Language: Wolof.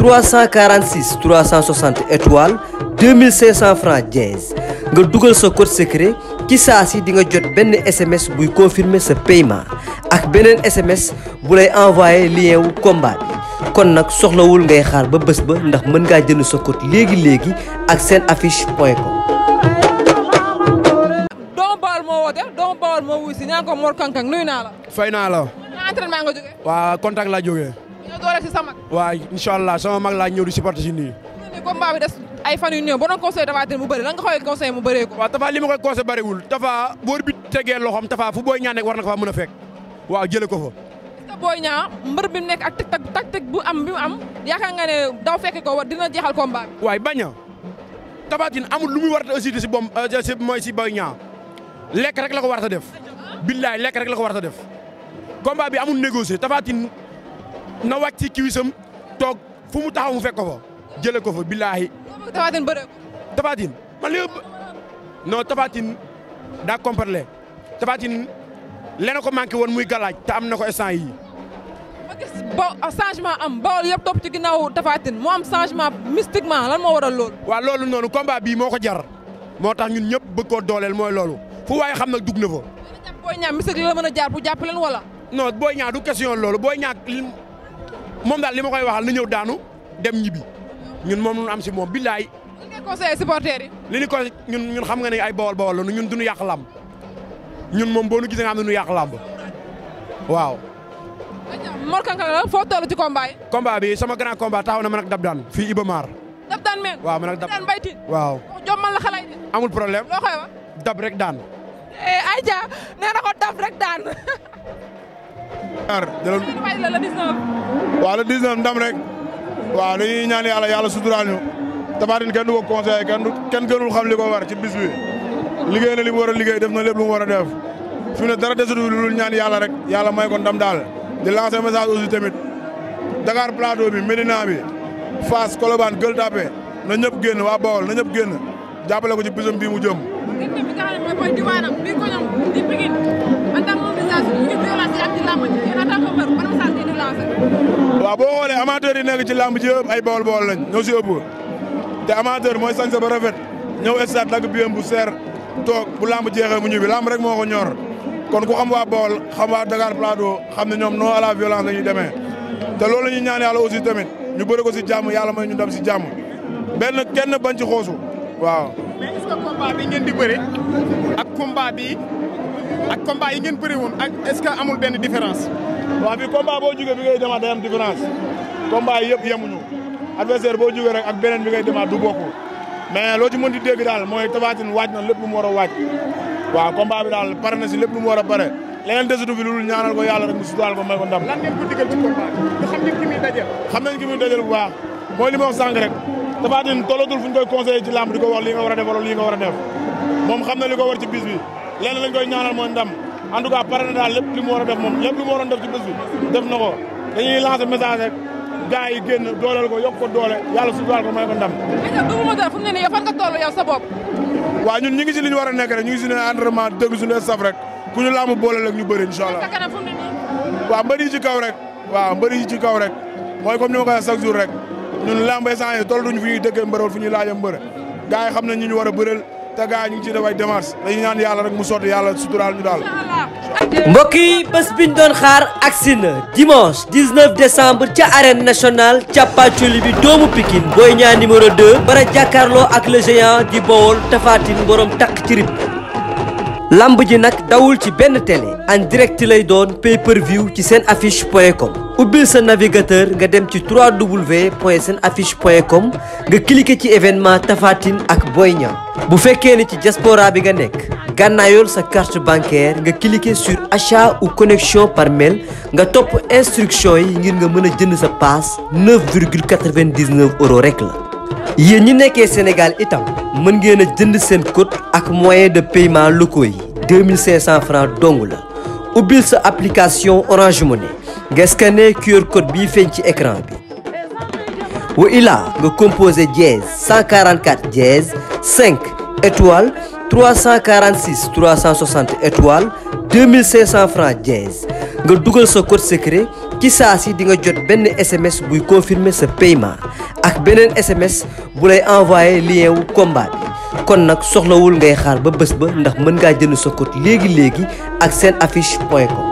346 360 étoiles 2500 francs dièse nga dugal sa code secret ci saa si di nga jot benn SMS buy confirmer sa paiement ak beneen SMS bu lay envoyer lien wu combat kon nag soxlawul ngay xaar ba bés ba ndax mën ngaa jënd sa code léegi léegi ak seen affiche point com. doomu Bawol moo doomu Bawol moo wuy si ñaan ko Mor Kankang nuyu naa la. fay naa la. entraînement nga waa contact laa jógee. ñoo door ak sa mag. waaw incha allah sama mag laa ñëw di supporter si nii. ñu des ay fan yu néew ba doon conseil Tapha Tine mu bëri lan nga koy conseil mu bëree ko. waaw Tapha li ma koy conseil bëriwul Tapha boor bi tegee loxoom fu booy ñaan rek na ko faa mën a fekk waaw jëlee ko fa. Boy Niang mbër bi mu nekk ak teg tactique bu am bi am yaakaar nga ne daw fekk ko war dina jeexal combat bi. waay bañ a Tapha Tine amul lu muy war a si bom euh, si mooy si Boy Niang lekk rek la ko war a def. billaay lekk rek la ko war a def. bi amul négocier Tapha na wàcc ci kiwisam toog fu mu taxaw mu fekk ko fa jëlee ko fa billaahi. Tafatine bëre Tafatine man lépp non Tafatine daa complet Tafatine leneen ko manqué woon muy galaaj te am na ko instant yii. ma gis ba ah, changement am Bawol yëpp topp ci ginnaaw Tafatine mu am changement mystiquement lan moo waral loolu. waaw loolu noonu combat bii moo ko jar moo tax ñun ñëpp bëgg koo dooleel mooy loolu fu waaye xam na dugg na fa. booy ñaar mystique la mën a jàpp leen wala. non booy ñaar du question loolu booy ñaar moom daal li ma koy waxal na ñëw daanu dem ñibbi ñun moom lu si moom billaay. li ngay conseillé supporters yi. li ñu ko ñun ñun xam nga ne ay bawol bawol la ñun duñu yàq làmb ñun moom boo nu gisee nga yàq waaw. Mor Kankang la foo toll ci combat yi. combat bi sama grand combat taxaw na man ak Dabdaan fii Iba Mar. Dabdaan men waaw man ak Dabdaan bayti. waaw jommal la xalaat amul problème loo dab rek daan. Eh, ayca nee na ko dab rek daan. waaw le 19 ndam rek waaw dañuy ñaan yàlla yàlla suturaal ñu Taphatine kenn du ko conseillé kenn du gënul xam li ko war ci bis bi liggéey na li mu war liggéey def na lépp lu war a def fi ne dara desul lu dul ñaan yàlla rek yàlla may ko ndam daal di lancer message aussi tamit Dakar Plateau bi Médina bi Fass Colobane Gueule Tapée na ñëpp génn waa Bawol na ñëpp génn jàppale ko ci bisam bii mu jëm diggante bi nga xam ne ji yéen en boo xoolee amateur yi nekk ci làmb ay bool-bool lañ ñoo si ëpp te amateur mooy sañse ba rafet ñëw stade dagg biyam bu seer toog bu làmb jeexee mu ñibbi làmb rek moo ñor kon ku xam waa bool xam waa Dakar Plateau xam ne ñoom non à la violence demee te loolu la ñuy ñaan yàlla aussi tamit ñu bëri ko si jàmm yàlla may ñu dem si jàmm benn kenn bañ xoosu waaw. mais est di bëri ak combat bi ak combat yi ngeen bëri woon ak est-ce que amul benn différence. waaw bi combat boo jugee bi ngay demaat day am différence combat yi yëpp yemuñu adversaire boo jugee rek ak beneen bi ngay demaa du bokkul mais loo ci mën di dégg daal mooy Tapha Tine waaj na lépp lu mu war a waaj waaw combat bi daal pare na si lépp lu mu war a pare. leneen desitu fi loolu ñaanal ko yàlla rek mu suturaal ko may ko ndam. lan ngeen ko digal ci combat bi xam ngeen ki muy xam nañ ki muy dajal bu Tapha Tine tollatul fu ñu koy conseillé ci làmb di ko wax lii nga a def wala lii nga a def moom xam na li ko war ci bis bi lenn lañ koy ñaanal mooy ndam en tout cas daal lépp li mu war a def moom lépp li mu waroon def ci bis bi def na ko dañuy lancer message rek yi génn dooleel ko yokk ko doole yàlla suturaal ko may ko ndam. mais Double Moteur fu mu ne nii yow fan nga toll yow sa bopp. waaw ñun ñi ngi si li ñu war a nekk rek ñu ngi si ne entraînement dégg suñu saf rek ku ñu làmb boole rek ñu bëri incha allah. waaw mbëri yi kaw rek waaw mbëri yi ci kaw rek mooy comme ni ma ko waxee chaque jour rek ñun lamb essence tolluñu fu ñuy dëggee mbërël fu ñuy laajee mbërë gars xam nañ ñu ñu war a bëreel te gars yi ñu ngi ciy def ay démarches dañuy ñaan yàlla rek mu sotti yàlla suturaal ñu daal. mbokk yi bés biñ doon xaar agsi na dimanche 19 décembre ca arène nationale càppaacoli bi doomu Pikine Boy Niang numéro 2 bara jàkkaarloo ak le géant di Bawol Tapha Tine borom takk ci lamb ji nag dawul ci benn télé en direct lay doon pay per view ci seen affiche point com ubbil sa navigateur nga dem ci 3w point seen affiche point com nga cliqué ci événement Tafatine ak Boy Niang bu fekkee ni ci diaspora bi nga nekk gànnaayoon sa carte bancaire nga cliqué sur achat ou connexion par mail nga topp instruction yi ngir nga mën a jënd sa paas 9,99 euros rek la yéen ñi nekkee Sénégal itam mën ngeen a jënd seen code ak moyen de paiement locaux yi 2500 francs dong la ubbil sa application Orange Money nga scanné QR côte bii feeñ ci écran bi wa ilaa nga composé dièse 144 dièse 5 étoile 346 360 étoile 2500 francs dièse nga dugal sa code secret ci saa si di nga jot benn SMS buy confirmer sa paiement beneen SMS bu lay envoyé lien wu combat kon nag soxlawul ngay xaar ba bés ba ndax mën ngaa jënd sa code léegi léegi ak seen affiche point